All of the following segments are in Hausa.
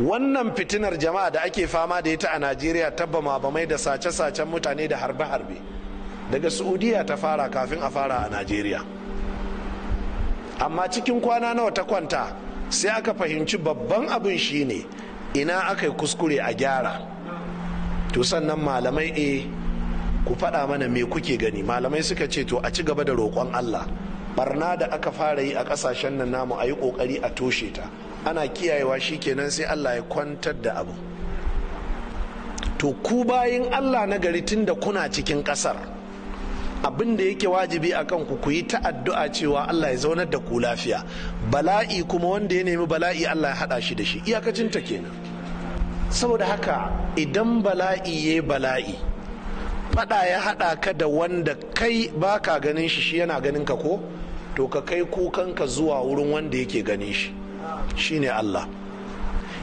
wannan fitinar jama'a da ake fama da ita a najeriya tabbama ba mai da sace-sacen mutane da harbe-harbe daga saudiya ta fara kafin a fara a najeriya amma cikin kwana nawa ta kwanta sai aka fahimci babban abin shine ina aka yi kuskure a gyara to sannan malamai e ku faɗa mana me kuke gani malamai suka ce to a ci gaba da roƙon allah barna da aka fara yi a ƙasashen nan namu a yi ƙoƙari a toshe ta ana kiyayewa shi kenan sai allah ya kwantar da abu to ku bayin allah na gari tun da kuna cikin ƙasar, abin da yake wajibi a kanku ku yi ta addu'a cewa allah ya zaunar da ku lafiya bala'i kuma wanda ya nemi bala'i allah ya haɗa shi da shi iyakacin ta kenan saboda haka idan bala'i ya bala'i faɗa ya haɗa ka da wanda kai baka ganin shi shi yana ganin ka ko to ka kai kukanka zuwa wurin wanda yake ganin shi shine Allah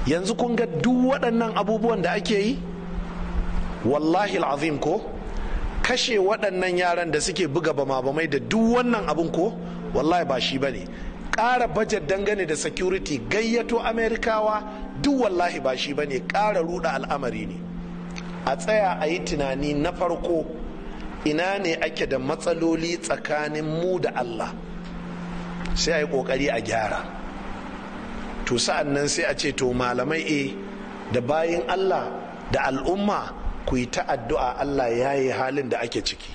yanzu kun ga duk waɗannan abubuwan da ake yi wallahi azim ko kashe waɗannan yaran da suke buga bama bamai da duk wannan abin ko wallahi ba shi ba ne. ƙara bajet dangane da security gayyato amerikawa duk wallahi ba shi ba ne. ƙara ruɗa al'amari ne a tsaya a yi tunani na farko ina ne ake da matsaloli tsakanin mu da allah sai a yi ƙoƙari a gyara to sa'an nan sai a ce to malamai e da bayan allah da al'umma ku yi ta addu'a allah ya yi halin da ake ciki